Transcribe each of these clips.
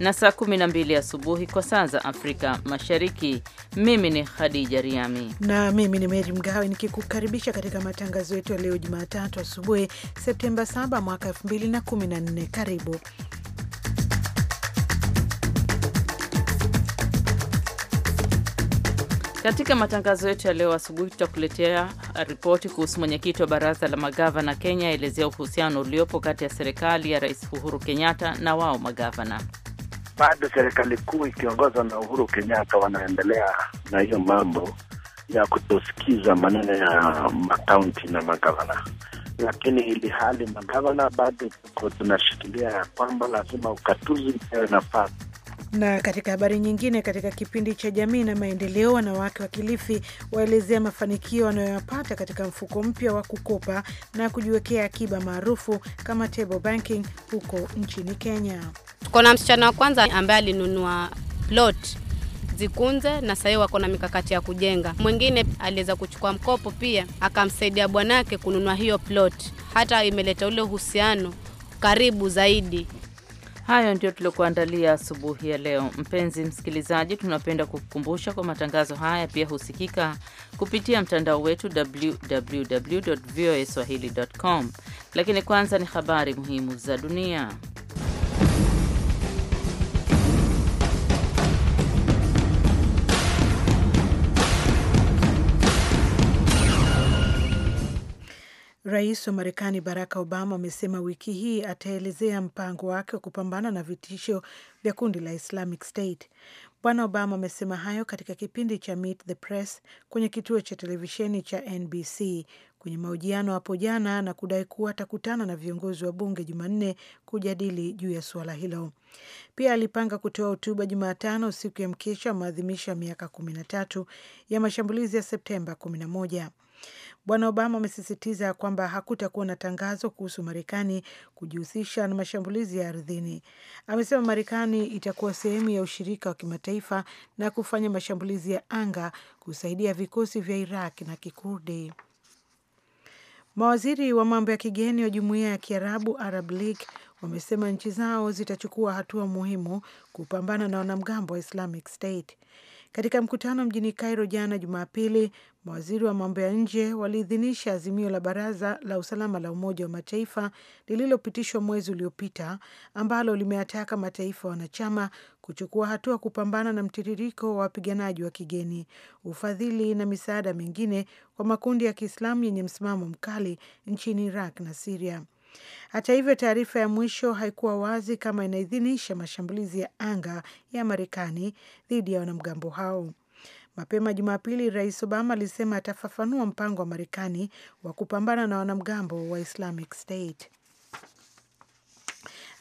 na saa 12 asubuhi kwa saa za Afrika Mashariki. Mimi ni Khadija Riami na mimi ni Meri Mgawe nikikukaribisha katika matangazo yetu ya leo Jumatatu asubuhi Septemba 7 mwaka 2014. Karibu Katika matangazo yetu ya leo asubuhi tutakuletea ripoti kuhusu mwenyekiti wa baraza la magavana Kenya aelezea uhusiano uliopo kati ya serikali ya Rais Uhuru Kenyatta na wao magavana bado serikali kuu ikiongozwa na Uhuru Kenyatta wanaendelea na hiyo mambo ya kutosikiza maneno ya makaunti na magavana, lakini ili hali magavana bado tuko tunashikilia ya kwamba lazima ukatuzi pewe nafasi na katika habari nyingine, katika kipindi cha jamii na maendeleo, wanawake wa Kilifi waelezea mafanikio wanayoyapata katika mfuko mpya wa kukopa na kujiwekea akiba maarufu kama table banking huko nchini Kenya. Tuko na msichana wa kwanza ambaye alinunua plot zikunze na sahii wako na mikakati ya kujenga. Mwingine aliweza kuchukua mkopo pia akamsaidia bwanake kununua hiyo plot, hata imeleta ule uhusiano karibu zaidi. Hayo ndio tuliokuandalia asubuhi ya leo. Mpenzi msikilizaji, tunapenda kukukumbusha kwa matangazo haya pia husikika kupitia mtandao wetu www.voaswahili.com. Lakini kwanza ni habari muhimu za dunia. Rais wa Marekani Barack Obama amesema wiki hii ataelezea mpango wake wa kupambana na vitisho vya kundi la Islamic State. Bwana Obama amesema hayo katika kipindi cha Meet the Press kwenye kituo cha televisheni cha NBC kwenye mahojiano hapo jana na kudai kuwa atakutana na viongozi wa bunge Jumanne kujadili juu ya suala hilo. Pia alipanga kutoa hotuba Jumatano, siku ya mkesha wa maadhimisho ya miaka kumi na tatu ya mashambulizi ya Septemba kumi na moja. Bwana Obama amesisitiza kwamba hakutakuwa na tangazo kuhusu Marekani kujihusisha na mashambulizi ya ardhini. Amesema Marekani itakuwa sehemu ya ushirika wa kimataifa na kufanya mashambulizi ya anga kusaidia vikosi vya Iraq na Kikurdi. Mawaziri wa mambo ya kigeni wa jumuiya ya Kiarabu, Arab League, wamesema nchi zao zitachukua hatua muhimu kupambana na wanamgambo wa Islamic State. Katika mkutano mjini Cairo jana Jumapili, mawaziri wa mambo ya nje waliidhinisha azimio la Baraza la Usalama la Umoja wa Mataifa lililopitishwa mwezi uliopita ambalo limeataka mataifa wanachama kuchukua hatua kupambana na mtiririko wa wapiganaji wa kigeni, ufadhili na misaada mingine kwa makundi ya Kiislamu yenye msimamo mkali nchini Iraq na Siria. Hata hivyo, taarifa ya mwisho haikuwa wazi kama inaidhinisha mashambulizi ya anga ya Marekani dhidi ya wanamgambo hao. Mapema Jumapili, Rais Obama alisema atafafanua mpango wa Marekani wa kupambana na wanamgambo wa Islamic State.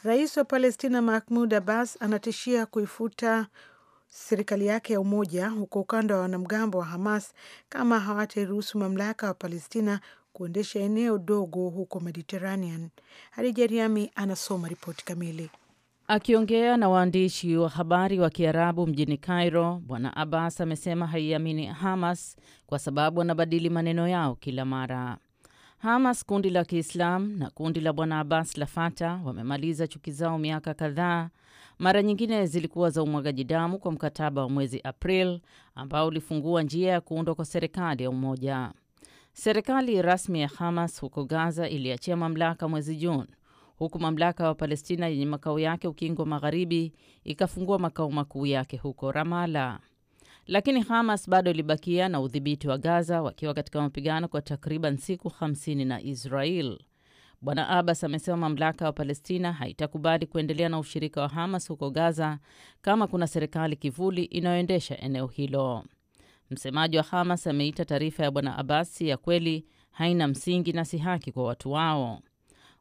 Rais wa Palestina Mahmud Abbas anatishia kuifuta serikali yake ya umoja huko ukanda wa wanamgambo wa Hamas kama hawatairuhusu mamlaka wa Palestina kuendesha eneo dogo huko Mediterranean. Hadija anasoma ripoti kamili. Akiongea na waandishi wa habari wa Kiarabu mjini Cairo, Bwana Abbas amesema haiamini Hamas kwa sababu wanabadili maneno yao kila mara. Hamas, kundi la Kiislamu na kundi la Bwana Abbas la Fata wamemaliza chuki zao miaka kadhaa. Mara nyingine zilikuwa za umwagaji damu kwa mkataba wa mwezi April ambao ulifungua njia ya kuundwa kwa serikali ya umoja. Serikali rasmi ya Hamas huko Gaza iliachia mamlaka mwezi Juni, huku mamlaka wa Palestina yenye makao yake ukingo magharibi ikafungua makao makuu yake huko Ramala, lakini Hamas bado ilibakia na udhibiti wa Gaza, wakiwa katika mapigano kwa takriban siku 50 na Israel. Bwana Abbas amesema mamlaka ya Palestina haitakubali kuendelea na ushirika wa Hamas huko Gaza kama kuna serikali kivuli inayoendesha eneo hilo. Msemaji wa Hamas ameita taarifa ya bwana Abbas si ya kweli, haina msingi na si haki kwa watu wao.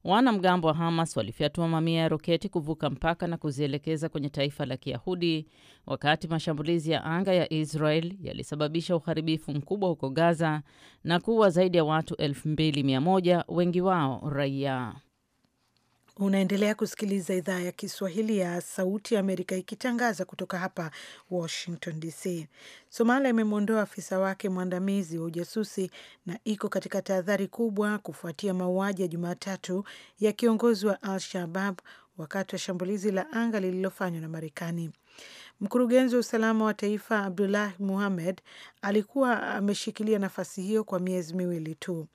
Wanamgambo wa Hamas walifyatua mamia ya roketi kuvuka mpaka na kuzielekeza kwenye taifa la Kiyahudi, wakati mashambulizi ya anga ya Israel yalisababisha uharibifu mkubwa huko Gaza na kuua zaidi ya watu 2100 wengi wao raia. Unaendelea kusikiliza idhaa ya Kiswahili ya Sauti ya Amerika ikitangaza kutoka hapa Washington DC. Somalia imemwondoa afisa wake mwandamizi wa ujasusi na iko katika tahadhari kubwa kufuatia mauaji ya Jumatatu ya kiongozi wa Al Shabab wakati wa shambulizi la anga lililofanywa na Marekani. Mkurugenzi wa usalama wa taifa Abdullah Muhamed alikuwa ameshikilia nafasi hiyo kwa miezi miwili tu.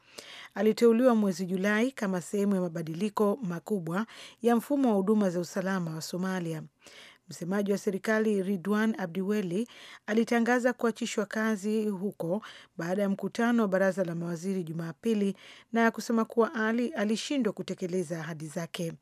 Aliteuliwa mwezi Julai kama sehemu ya mabadiliko makubwa ya mfumo wa huduma za usalama wa Somalia. Msemaji wa serikali Ridwan Abdiweli alitangaza kuachishwa kazi huko baada ya mkutano wa baraza la mawaziri Jumapili na kusema kuwa Ali alishindwa kutekeleza ahadi zake.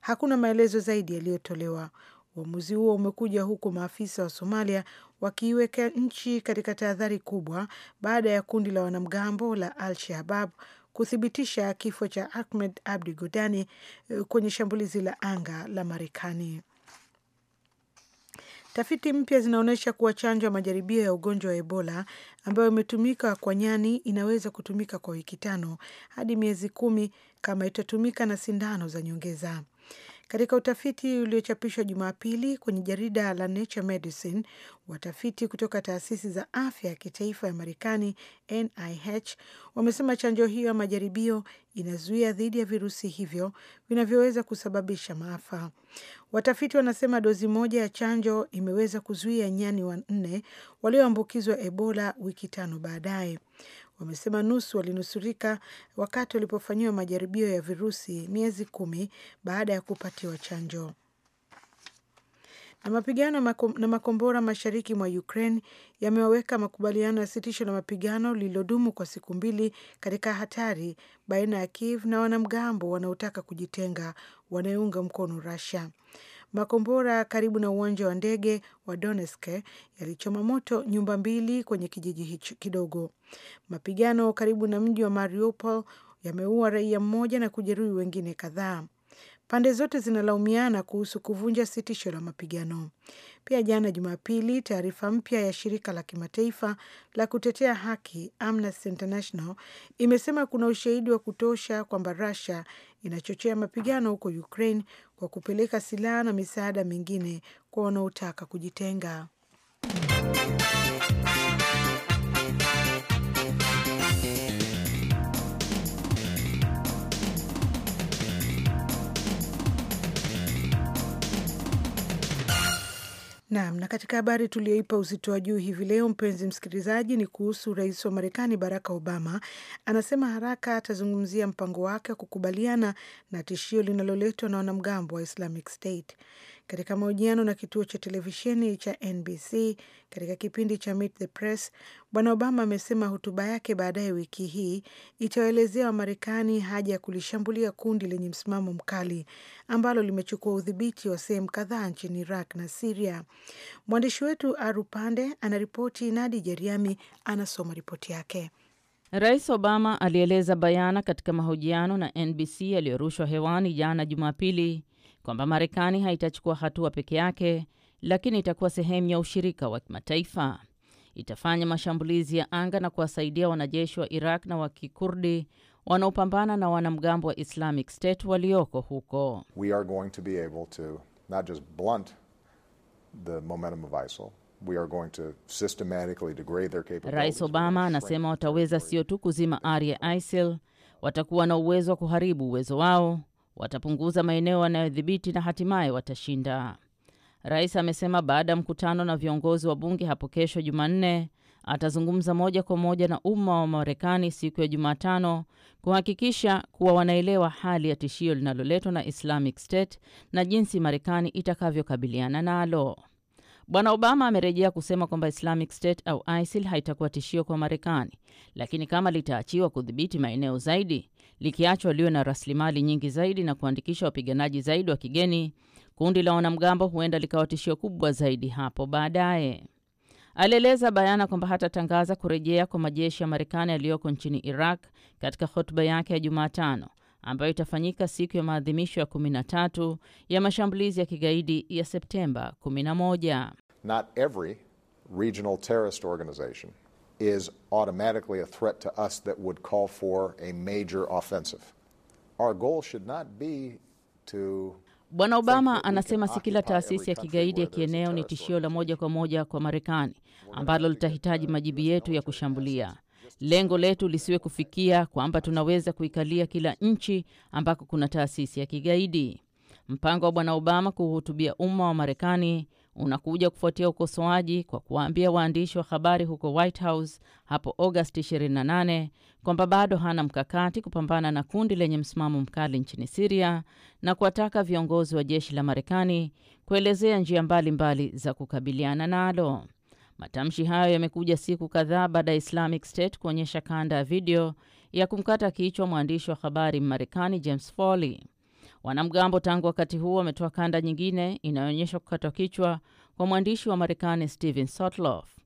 Hakuna maelezo zaidi yaliyotolewa. Uamuzi huo umekuja huku maafisa wa Somalia wakiiweka nchi katika tahadhari kubwa baada ya kundi la wanamgambo la Al Shabab kuthibitisha kifo cha Ahmed Abdi Godani eh, kwenye shambulizi la anga la Marekani. Tafiti mpya zinaonyesha kuwa chanjo ya majaribio ya ugonjwa wa Ebola ambayo imetumika kwa nyani inaweza kutumika kwa wiki tano hadi miezi kumi kama itatumika na sindano za nyongeza. Katika utafiti uliochapishwa Jumapili kwenye jarida la Nature Medicine, watafiti kutoka taasisi za afya ya kitaifa ya Marekani, NIH, wamesema chanjo hiyo ya majaribio inazuia dhidi ya virusi hivyo vinavyoweza kusababisha maafa. Watafiti wanasema dozi moja ya chanjo imeweza kuzuia nyani wanne walioambukizwa Ebola wiki tano baadaye wamesema nusu walinusurika wakati walipofanyiwa majaribio ya virusi miezi kumi baada ya kupatiwa chanjo. Na mapigano na makombora mashariki mwa Ukraine yamewaweka makubaliano ya sitisho la mapigano lililodumu kwa siku mbili katika hatari baina ya Kiev na wanamgambo wanaotaka kujitenga wanayounga mkono Russia. Makombora karibu na uwanja wa ndege wa Donetsk yalichoma moto nyumba mbili kwenye kijiji hicho kidogo. Mapigano karibu na mji wa Mariupol yameua raia mmoja na kujeruhi wengine kadhaa. Pande zote zinalaumiana kuhusu kuvunja sitisho la mapigano. Pia jana Jumapili, taarifa mpya ya shirika la kimataifa la kutetea haki Amnesty International imesema kuna ushahidi wa kutosha kwamba Russia inachochea mapigano huko Ukraine kwa kupeleka silaha na misaada mingine kwa wanaotaka kujitenga. Naam, na katika habari tuliyoipa uzito wa juu hivi leo, mpenzi msikilizaji, ni kuhusu rais wa Marekani Barack Obama anasema haraka atazungumzia mpango wake wa kukubaliana na tishio linaloletwa na wanamgambo wa Islamic State katika mahojiano na kituo cha televisheni cha NBC katika kipindi cha Meet the Press, Bwana Obama amesema hotuba yake baadaye wiki hii itawaelezea Wamarekani haja ya kulishambulia kundi lenye msimamo mkali ambalo limechukua udhibiti wa sehemu kadhaa nchini Iraq na Siria. Mwandishi wetu Arupande anaripoti, Nadi Jeriami anasoma ripoti yake. Rais Obama alieleza bayana katika mahojiano na NBC yaliyorushwa hewani jana Jumapili kwamba Marekani haitachukua hatua peke yake, lakini itakuwa sehemu ya ushirika wa kimataifa. Itafanya mashambulizi ya anga na kuwasaidia wanajeshi wa Iraq na wa Kikurdi wanaopambana na wanamgambo wa Islamic State walioko huko. We are going to be able to not just blunt the momentum of ISIL. We are going to systematically degrade their capabilities. Rais Obama anasema wataweza sio tu kuzima ari ya ISIL, watakuwa na uwezo wa kuharibu uwezo wao watapunguza maeneo wanayodhibiti na hatimaye watashinda. Rais amesema baada ya mkutano na viongozi wa bunge hapo kesho Jumanne atazungumza moja kwa moja na umma wa Marekani siku ya Jumatano kuhakikisha kuwa wanaelewa hali ya tishio linaloletwa na Islamic State na jinsi Marekani itakavyokabiliana nalo. Bwana Obama amerejea kusema kwamba Islamic State au ISIL haitakuwa tishio kwa Marekani, lakini kama litaachiwa kudhibiti maeneo zaidi, likiachwa liwe na rasilimali nyingi zaidi na kuandikisha wapiganaji zaidi wa kigeni, kundi la wanamgambo huenda likawa tishio kubwa zaidi hapo baadaye. Alieleza bayana kwamba hatatangaza kurejea kwa majeshi ya Marekani yaliyoko nchini Iraq katika hotuba yake ya Jumatano ambayo itafanyika siku ya maadhimisho ya 13 ya mashambulizi ya kigaidi ya Septemba 11. Not every regional terrorist organization is automatically a threat to us that would call for a major offensive. Our goal should not be to Bwana Obama anasema si kila taasisi ya kigaidi ya kieneo ni tishio la moja kwa moja kwa Marekani ambalo litahitaji majibu yetu ya kushambulia. Lengo letu lisiwe kufikia kwamba tunaweza kuikalia kila nchi ambako kuna taasisi ya kigaidi. Mpango wa Bwana Obama kuhutubia umma wa Marekani unakuja kufuatia ukosoaji kwa kuwaambia waandishi wa habari huko White House hapo Agosti 28 kwamba bado hana mkakati kupambana na kundi lenye msimamo mkali nchini Siria na kuwataka viongozi wa jeshi la Marekani kuelezea njia mbalimbali mbali za kukabiliana nalo. Matamshi hayo yamekuja siku kadhaa baada ya Islamic State kuonyesha kanda ya video ya kumkata kichwa mwandishi wa habari marekani James Foley. Wanamgambo tangu wakati huo wametoa kanda nyingine inayoonyesha kukatwa kichwa kwa mwandishi wa Marekani stehen Sotloff.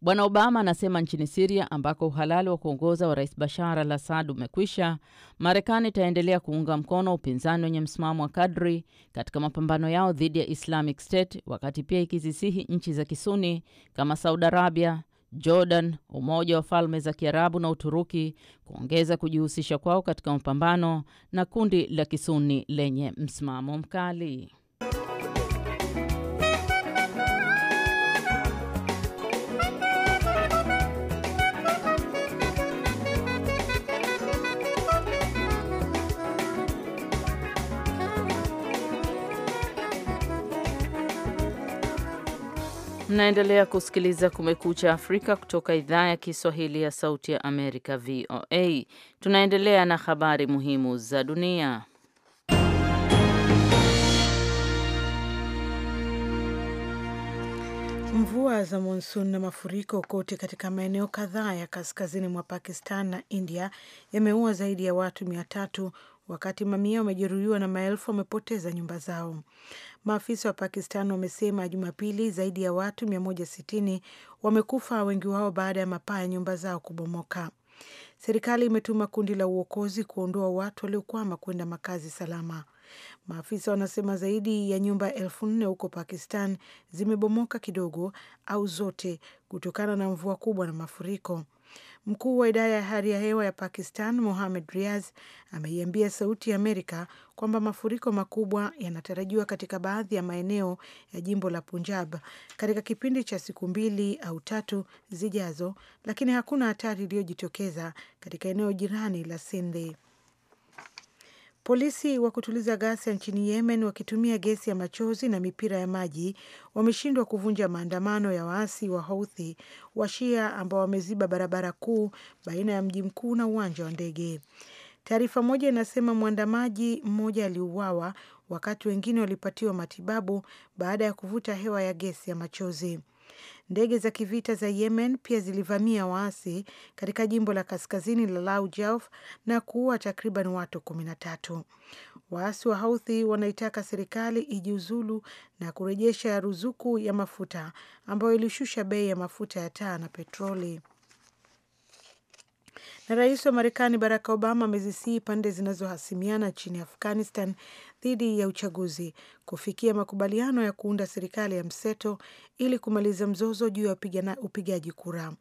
Bwana Obama anasema nchini Siria ambako uhalali wa kuongoza wa Rais Bashar al Assad umekwisha, Marekani itaendelea kuunga mkono upinzani wenye msimamo wa kadri katika mapambano yao dhidi ya Islamic State, wakati pia ikizisihi nchi za Kisuni kama Saudi Arabia, Jordan, Umoja wa Falme za Kiarabu na Uturuki kuongeza kujihusisha kwao katika mapambano na kundi la Kisuni lenye msimamo mkali. Mnaendelea kusikiliza Kumekucha Afrika kutoka idhaa ya Kiswahili ya Sauti ya Amerika, VOA. Tunaendelea na habari muhimu za dunia. Mvua za monsun na mafuriko kote katika maeneo kadhaa ya kaskazini mwa Pakistan na India yameua zaidi ya watu mia tatu wakati mamia wamejeruhiwa na maelfu wamepoteza nyumba zao. Maafisa wa Pakistan wamesema Jumapili zaidi ya watu 160 wamekufa, wengi wao baada ya mapaa ya nyumba zao kubomoka. Serikali imetuma kundi la uokozi kuondoa watu waliokwama kwenda makazi salama. Maafisa wanasema zaidi ya nyumba elfu nne huko Pakistan zimebomoka kidogo au zote kutokana na mvua kubwa na mafuriko. Mkuu wa idara ya hali ya hewa ya Pakistan Mohamed Riaz ameiambia Sauti ya Amerika kwamba mafuriko makubwa yanatarajiwa katika baadhi ya maeneo ya jimbo la Punjab katika kipindi cha siku mbili au tatu zijazo, lakini hakuna hatari iliyojitokeza katika eneo jirani la Sindhi. Polisi wa kutuliza ghasia nchini Yemen wakitumia gesi ya machozi na mipira ya maji wameshindwa kuvunja maandamano ya waasi wa Houthi wa Shia ambao wameziba barabara kuu baina ya mji mkuu na uwanja wa ndege. Taarifa moja inasema mwandamaji mmoja aliuawa wakati wengine walipatiwa matibabu baada ya kuvuta hewa ya gesi ya machozi. Ndege za kivita za Yemen pia zilivamia waasi katika jimbo la kaskazini la Laujauf na kuua takriban watu kumi na tatu. Waasi wa Houthi wanaitaka serikali ijiuzulu na kurejesha ruzuku ya mafuta ambayo ilishusha bei ya mafuta ya taa na petroli na rais wa Marekani Barack Obama amezisihi pande zinazohasimiana nchini Afghanistan dhidi ya uchaguzi kufikia makubaliano ya kuunda serikali ya mseto ili kumaliza mzozo juu ya upigaji kura.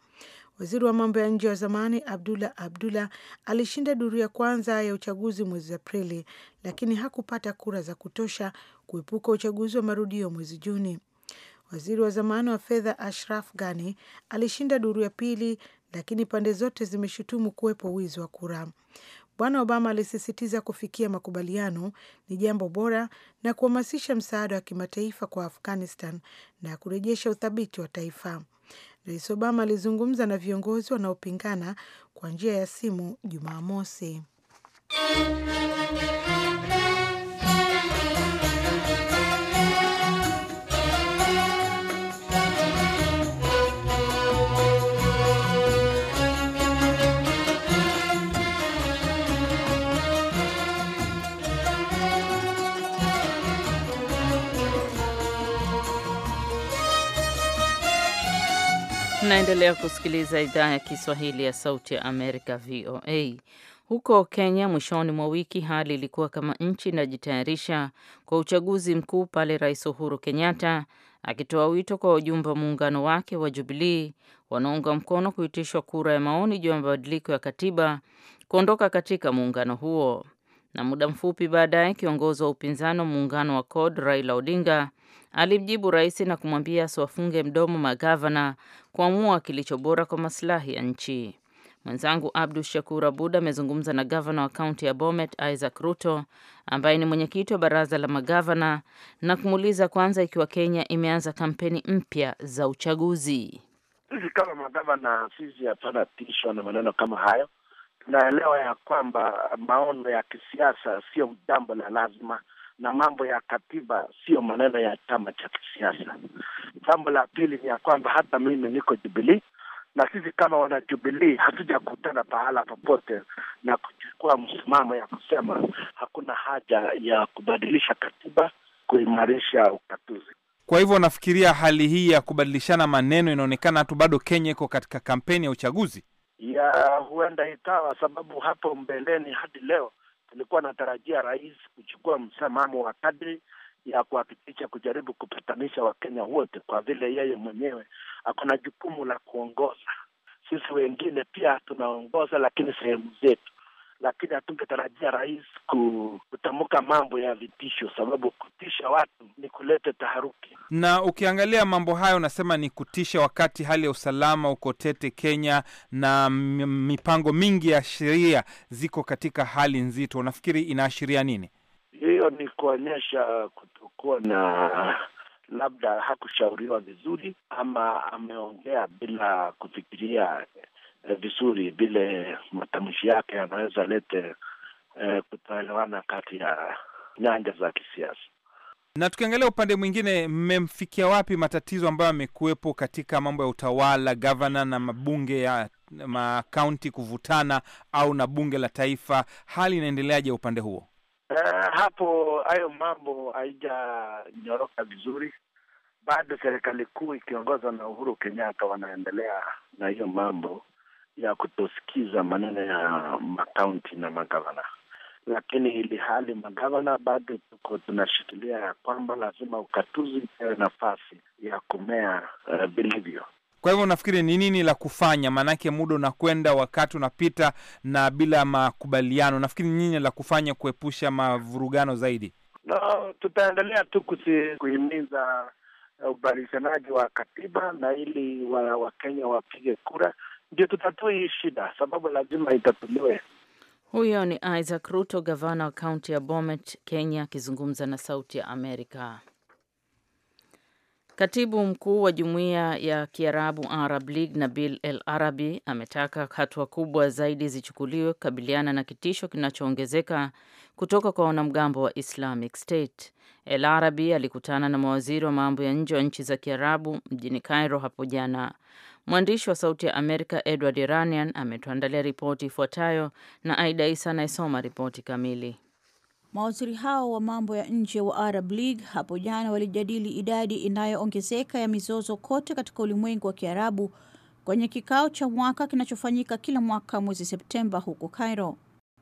Waziri wa mambo ya nje wa zamani Abdullah Abdullah alishinda duru ya kwanza ya uchaguzi mwezi Aprili, lakini hakupata kura za kutosha kuepuka uchaguzi wa marudio mwezi Juni. Waziri wa zamani wa fedha Ashraf Ghani alishinda duru ya pili lakini pande zote zimeshutumu kuwepo wizi wa kura. Bwana Obama alisisitiza kufikia makubaliano ni jambo bora na kuhamasisha msaada wa kimataifa kwa Afghanistan na kurejesha uthabiti wa taifa. Rais Obama alizungumza na viongozi wanaopingana kwa njia ya simu Jumamosi. Unaendelea kusikiliza idhaa ya Kiswahili ya Sauti ya Amerika, VOA. Huko Kenya, mwishoni mwa wiki hali ilikuwa kama nchi inajitayarisha kwa uchaguzi mkuu pale Rais Uhuru Kenyatta akitoa wito kwa wajumbe wa muungano wake wa Jubilii wanaunga mkono kuitishwa kura ya maoni juu ya mabadiliko ya katiba kuondoka katika muungano huo. Na muda mfupi baadaye, kiongozi wa upinzani wa muungano wa CORD Raila Odinga Alimjibu rais na kumwambia asiwafunge mdomo magavana kuamua kilicho bora kwa masilahi ya nchi. Mwenzangu Abdu Shakur Abud amezungumza na gavana wa kaunti ya Bomet Isaac Ruto ambaye ni mwenyekiti wa baraza la magavana na kumuuliza kwanza ikiwa Kenya imeanza kampeni mpya za uchaguzi. Sisi kama magavana, sisi hapana tishwa na maneno kama hayo. Tunaelewa ya kwamba maono ya kisiasa sio jambo la lazima na mambo ya katiba, sio maneno ya chama cha kisiasa. Jambo la pili ni ya kwamba hata mimi niko Jubilii na sisi kama wana Jubilii hatujakutana pahala popote na kuchukua msimamo ya kusema hakuna haja ya kubadilisha katiba kuimarisha ukatuzi. Kwa hivyo nafikiria hali hii ya kubadilishana maneno inaonekana hatu bado Kenya iko katika kampeni ya uchaguzi ya huenda ikawa sababu hapo mbeleni hadi leo nilikuwa natarajia rais kuchukua msimamo wa kadri ya kuhakikisha kujaribu kupatanisha Wakenya wote, kwa vile yeye mwenyewe na jukumu la kuongoza. Sisi wengine pia tunaongoza, lakini sehemu zetu lakini hatungetarajia rais kutamka mambo ya vitisho, sababu kutisha watu ni kuleta taharuki. Na ukiangalia mambo hayo, unasema ni kutisha, wakati hali ya usalama uko tete Kenya na mipango mingi ya sheria ziko katika hali nzito. Unafikiri inaashiria nini? Hiyo ni kuonyesha kutokuwa na labda hakushauriwa vizuri ama ameongea bila kufikiria eh, vizuri vile matamshi yake yanaweza lete eh, kutoelewana kati ya nyanja za kisiasa. Na tukiangalia upande mwingine, mmemfikia wapi matatizo ambayo yamekuwepo katika mambo ya utawala, gavana na mabunge ya makaunti kuvutana au na bunge la taifa, hali inaendeleaje upande huo? Uh, hapo hayo mambo haijanyoroka vizuri bado. Serikali kuu ikiongozwa na Uhuru Kenyatta wanaendelea na hiyo mambo ya kutosikiza maneno ya makaunti na magavana, lakini ili hali magavana bado tuko tunashikilia ya kwamba lazima ukatuzi ipewe nafasi ya kumea eh, vilivyo. Uh, kwa hivyo nafikiri ni nini la kufanya? Maanake muda unakwenda, wakati unapita, na bila makubaliano, nafikiri nini la kufanya kuepusha mavurugano zaidi? No, tutaendelea tu kuhimiza eh, ubadilishanaji wa katiba na ili Wakenya wa wapige kura ndio tutatue hii shida, sababu lazima itatuliwe. Huyo ni Isaac Ruto, gavana wa kaunti ya Bomet, Kenya, akizungumza na Sauti ya Amerika. Katibu mkuu wa jumuiya ya Kiarabu Arab League Nabil El Arabi ametaka hatua kubwa zaidi zichukuliwe kukabiliana na kitisho kinachoongezeka kutoka kwa wanamgambo wa Islamic State. El Arabi alikutana na mawaziri wa mambo ya nje wa nchi za Kiarabu mjini Cairo hapo jana. Mwandishi wa Sauti ya Amerika Edward Iranian ametuandalia ripoti ifuatayo na Aida Isa anayesoma ripoti kamili. Mawaziri hao wa mambo ya nje wa Arab League hapo jana walijadili idadi inayoongezeka ya mizozo kote katika ulimwengu wa Kiarabu kwenye kikao cha mwaka kinachofanyika kila mwaka mwezi Septemba huko Cairo.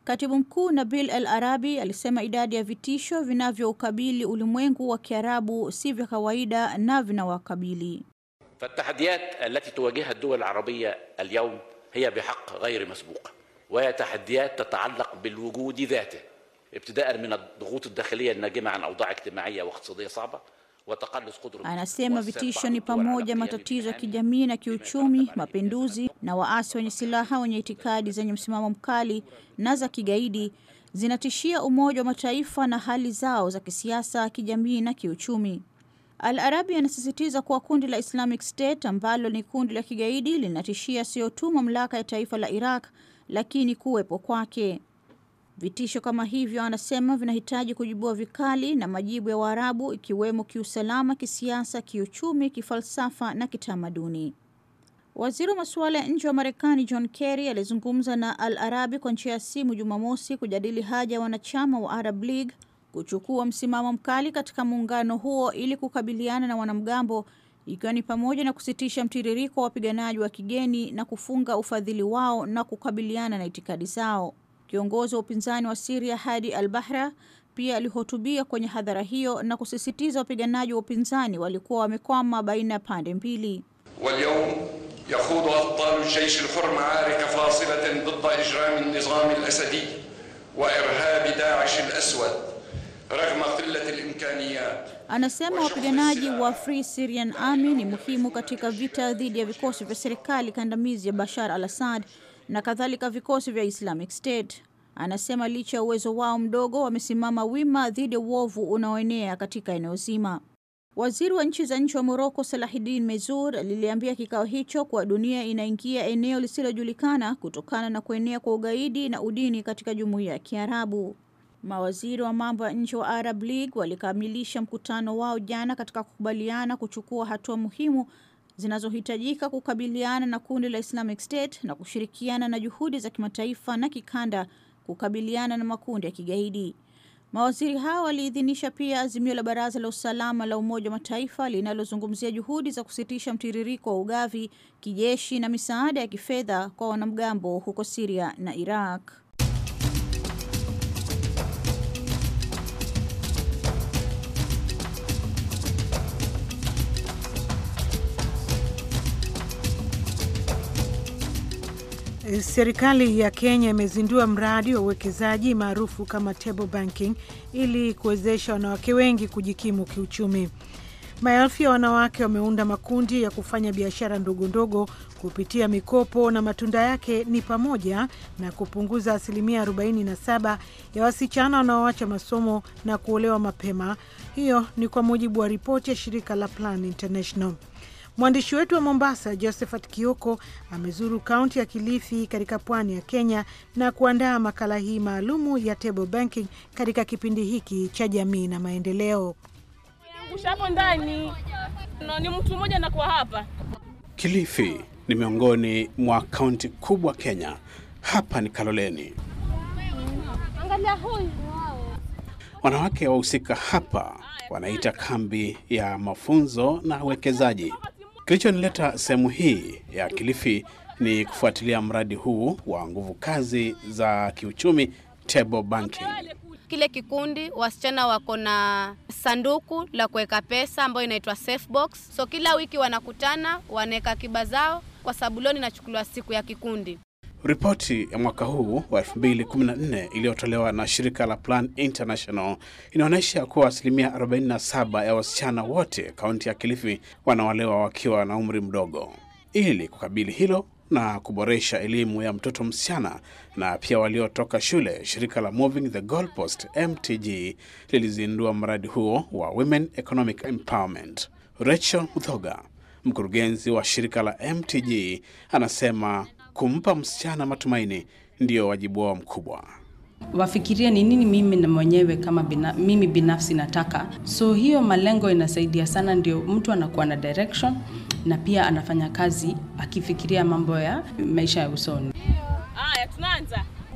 Katibu mkuu Nabil El Arabi alisema idadi ya vitisho vinavyoukabili ulimwengu wa Kiarabu si vya kawaida na vinawakabili. فالتحديات التي تواجهها الدول العربية اليوم هي بحق غير مسبوقة وهي تحديات تتعلق بالوجود ذاته ابتداء من الضغوط الداخلية الناجمة عن أوضاع اجتماعية واقتصادية صعبة Anasema vitisho ni pamoja matatizo ya kijamii na kiuchumi, mapinduzi na waasi wenye silaha wenye itikadi zenye msimamo mkali na za kigaidi zinatishia umoja wa mataifa na hali zao za kisiasa, kijamii na kiuchumi. Al Arabi anasisitiza kuwa kundi la Islamic State ambalo ni kundi la kigaidi linatishia sio tu mamlaka ya taifa la Iraq lakini kuwepo kwake. Vitisho kama hivyo, anasema vinahitaji kujibua vikali na majibu ya Waarabu, ikiwemo kiusalama, kisiasa, kiuchumi, kifalsafa na kitamaduni. Waziri wa masuala ya nje wa Marekani John Kerry alizungumza na Al Arabi kwa njia ya simu Jumamosi kujadili haja ya wanachama wa Arab League kuchukua msimamo mkali katika muungano huo ili kukabiliana na wanamgambo ikiwa ni pamoja na kusitisha mtiririko wa wapiganaji wa kigeni na kufunga ufadhili wao na kukabiliana na itikadi zao. Kiongozi wa upinzani wa Siria Hadi al Bahra pia alihutubia kwenye hadhara hiyo na kusisitiza wapiganaji wa upinzani walikuwa wamekwama baina ya pande mbili. Walyawm yakhudu abtalu ljeish lhur maarika fasilatan didda ijrami nizami lasadi wa irhabi daish laswad Anasema wapiganaji wa Free Syrian Army ni muhimu katika vita dhidi ya vikosi vya serikali kandamizi ya Bashar al-Assad na kadhalika vikosi vya Islamic State. Anasema licha ya uwezo wao mdogo, wamesimama wima dhidi ya uovu unaoenea katika eneo zima. Waziri wa nchi za nchi wa Moroko Salahidin Mezur aliliambia kikao hicho kuwa dunia inaingia eneo lisilojulikana kutokana na kuenea kwa ugaidi na udini katika jumuiya ya Kiarabu. Mawaziri wa mambo ya nje wa Arab League walikamilisha mkutano wao jana katika kukubaliana kuchukua hatua muhimu zinazohitajika kukabiliana na kundi la Islamic State na kushirikiana na juhudi za kimataifa na kikanda kukabiliana na makundi ya kigaidi. Mawaziri hao waliidhinisha pia azimio la Baraza la Usalama la Umoja wa Mataifa linalozungumzia juhudi za kusitisha mtiririko wa ugavi kijeshi na misaada ya kifedha kwa wanamgambo huko Siria na Iraq. Serikali ya Kenya imezindua mradi wa uwekezaji maarufu kama table banking ili kuwezesha wanawake wengi kujikimu kiuchumi. Maelfu ya wanawake wameunda makundi ya kufanya biashara ndogo ndogo kupitia mikopo na matunda yake ni pamoja na kupunguza asilimia 47 ya wasichana wanaoacha masomo na kuolewa mapema. Hiyo ni kwa mujibu wa ripoti ya shirika la Plan International. Mwandishi wetu wa Mombasa, Josephat Kioko, amezuru kaunti ya Kilifi katika pwani ya Kenya na kuandaa makala hii maalumu ya table banking katika kipindi hiki cha jamii na maendeleo. ndani ni mtu mmoja hapa. Kilifi ni miongoni mwa kaunti kubwa Kenya. Hapa ni Kaloleni. Angalia huyu. Wanawake wahusika hapa wanaita kambi ya mafunzo na uwekezaji. Kilichonileta sehemu hii ya Kilifi ni kufuatilia mradi huu wa nguvu kazi za kiuchumi table banking. Kile kikundi wasichana wako na sanduku la kuweka pesa ambayo inaitwa safe box. So kila wiki wanakutana, wanaweka akiba zao kwa sababu leo ninachukuliwa siku ya kikundi. Ripoti ya mwaka huu wa 2014 iliyotolewa na shirika la Plan International inaonyesha kuwa asilimia 47 ya wasichana wote kaunti ya Kilifi wanaolewa wakiwa na umri mdogo. Ili kukabili hilo na kuboresha elimu ya mtoto msichana na pia waliotoka shule, shirika la Moving the Goalpost MTG lilizindua mradi huo wa Women Economic Empowerment. Rachel Mthoga, mkurugenzi wa shirika la MTG, anasema kumpa msichana matumaini ndiyo wajibu wao mkubwa. Wafikirie ni nini mimi na mwenyewe kama bina, mimi binafsi nataka. So hiyo malengo inasaidia sana, ndio mtu anakuwa na direction na pia anafanya kazi akifikiria mambo ya maisha ya usoni.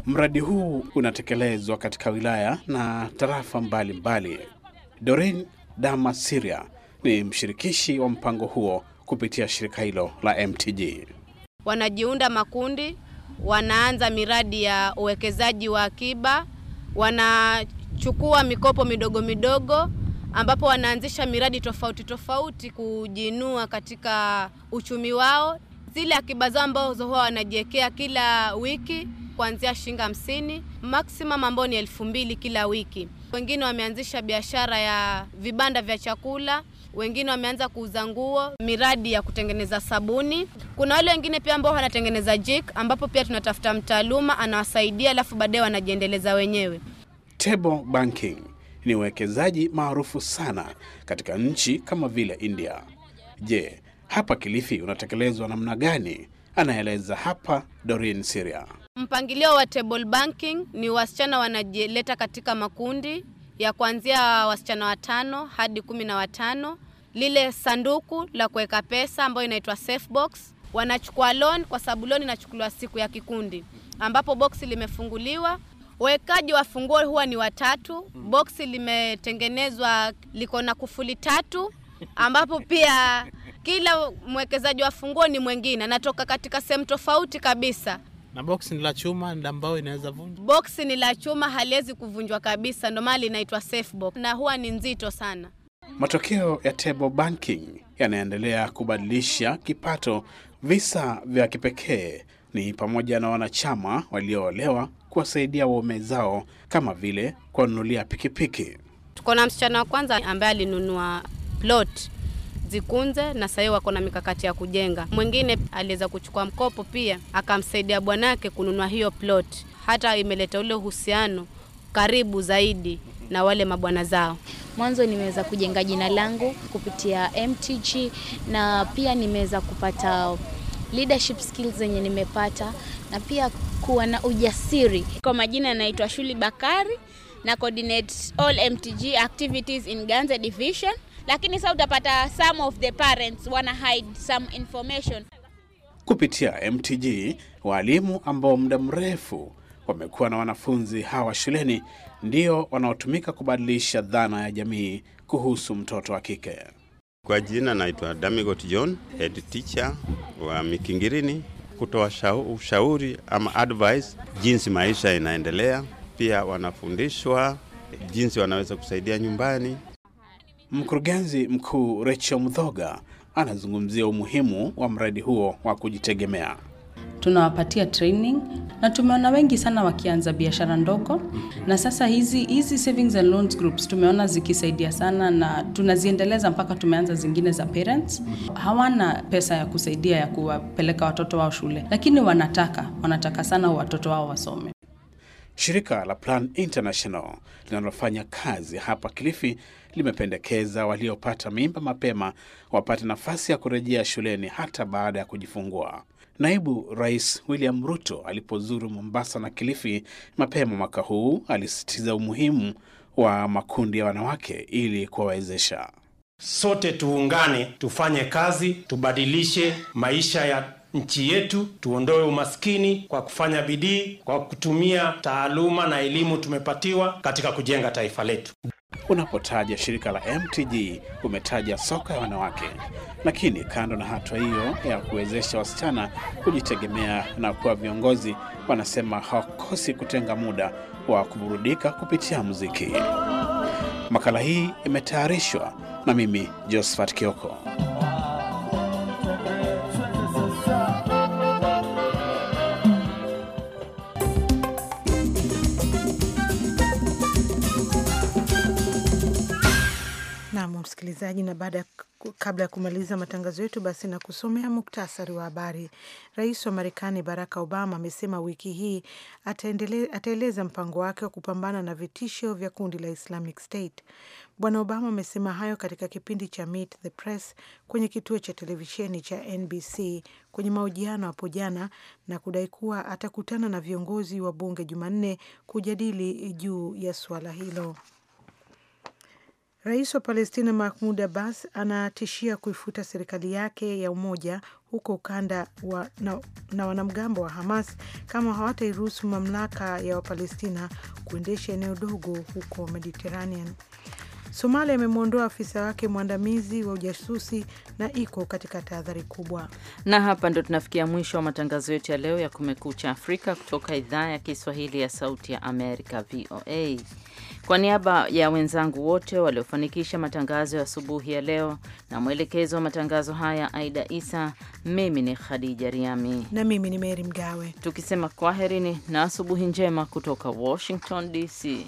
Mradi huu unatekelezwa katika wilaya na tarafa mbalimbali. dorin Dama Siria ni mshirikishi wa mpango huo kupitia shirika hilo la MTG wanajiunda makundi, wanaanza miradi ya uwekezaji wa akiba, wanachukua mikopo midogo midogo ambapo wanaanzisha miradi tofauti tofauti kujiinua katika uchumi wao. Zile akiba zao ambazo huwa wanajiwekea kila wiki kuanzia shilingi hamsini maximum ambao ni elfu mbili kila wiki. Wengine wameanzisha biashara ya vibanda vya chakula wengine wameanza kuuza nguo, miradi ya kutengeneza sabuni. Kuna wale wengine pia ambao wanatengeneza jik, ambapo pia tunatafuta mtaaluma anawasaidia, alafu baadaye wanajiendeleza wenyewe. Table banking ni uwekezaji maarufu sana katika nchi kama vile India. Je, hapa Kilifi unatekelezwa namna gani? Anaeleza hapa Doreen Siria. Mpangilio wa table banking ni wasichana wanajileta katika makundi ya kuanzia wasichana watano hadi kumi na watano. Lile sanduku la kuweka pesa ambayo inaitwa safe box, wanachukua loan kwa sababu loan inachukuliwa siku ya kikundi, ambapo boksi limefunguliwa. wawekaji wa funguo huwa ni watatu. Boksi limetengenezwa liko na kufuli tatu, ambapo pia kila mwekezaji wa funguo ni mwengine, anatoka katika sehemu tofauti kabisa. Na box ni la chuma, ndio ambao inaweza vunjwa. Box ni la chuma, haliwezi kuvunjwa kabisa, ndio maana linaitwa safe box na huwa ni nzito sana. Matokeo ya table banking yanaendelea kubadilisha kipato. Visa vya kipekee ni pamoja na wanachama walioolewa kuwasaidia waume zao kama vile kuwanunulia pikipiki. Tuko na msichana wa kwanza ambaye alinunua plot wazikunze, na sahii wako na mikakati ya kujenga. Mwingine aliweza kuchukua mkopo pia akamsaidia bwanake kununua hiyo plot, hata imeleta ule uhusiano karibu zaidi na wale mabwana zao. Mwanzo nimeweza kujenga jina langu kupitia MTG na pia nimeweza kupata leadership skills zenye nimepata na pia kuwa na ujasiri. Kwa majina anaitwa Shuli Bakari na coordinate all MTG activities in Ganze division lakini sasa utapata some of the parents wana hide some information. Kupitia MTG, walimu ambao muda mrefu wamekuwa na wanafunzi hawa shuleni ndio wanaotumika kubadilisha dhana ya jamii kuhusu mtoto wa kike. Kwa jina naitwa Damigot John, head teacher wa Mikingirini, kutoa ushauri ama advice jinsi maisha inaendelea. Pia wanafundishwa jinsi wanaweza kusaidia nyumbani. Mkurugenzi mkuu Rachel Mdhoga anazungumzia umuhimu wa mradi huo wa kujitegemea. Tunawapatia training na tumeona wengi sana wakianza biashara ndogo, na sasa hizi hizi savings and loans groups tumeona zikisaidia sana, na tunaziendeleza mpaka tumeanza zingine za parents. Hawana pesa ya kusaidia ya kuwapeleka watoto wao shule, lakini wanataka wanataka sana watoto wao wasome. Shirika la Plan International linalofanya kazi hapa Kilifi limependekeza waliopata mimba mapema wapate nafasi ya kurejea shuleni hata baada ya kujifungua. Naibu Rais William Ruto alipozuru Mombasa na Kilifi mapema mwaka huu alisisitiza umuhimu wa makundi ya wanawake ili kuwawezesha. Sote tuungane, tufanye kazi, tubadilishe maisha ya nchi yetu, tuondoe umaskini kwa kufanya bidii, kwa kutumia taaluma na elimu tumepatiwa katika kujenga taifa letu. Unapotaja shirika la MTG umetaja soka ya wanawake, lakini kando na hatua hiyo ya kuwezesha wasichana kujitegemea na kuwa viongozi, wanasema hawakosi kutenga muda wa kuburudika kupitia muziki. Makala hii imetayarishwa na mimi Josephat Kioko. msikilizaji, na baada kabla ya kumaliza matangazo yetu, basi na kusomea muktasari wa habari. Rais wa Marekani Barack Obama amesema wiki hii ataeleza mpango wake wa kupambana na vitisho vya kundi la Islamic State. Bwana Obama amesema hayo katika kipindi cha Meet the Press kwenye kituo cha televisheni cha NBC kwenye mahojiano hapo jana na kudai kuwa atakutana na viongozi wa bunge Jumanne kujadili juu ya suala hilo. Rais wa Palestina Mahmud Abbas anatishia kuifuta serikali yake ya umoja huko ukanda wa, na, na wanamgambo wa Hamas kama hawatairuhusu mamlaka ya Wapalestina kuendesha eneo dogo huko Mediterranean. Somalia imemwondoa afisa wake mwandamizi wa ujasusi na iko katika tahadhari kubwa. Na hapa ndo tunafikia mwisho wa matangazo yetu ya leo ya Kumekucha Afrika kutoka idhaa ya Kiswahili ya Sauti ya Amerika, VOA. Kwa niaba ya wenzangu wote waliofanikisha matangazo ya asubuhi ya leo na mwelekezo wa matangazo haya Aida Isa, mimi ni Khadija Riami na mimi ni Meri Mgawe, tukisema kwaherini na asubuhi njema kutoka Washington DC.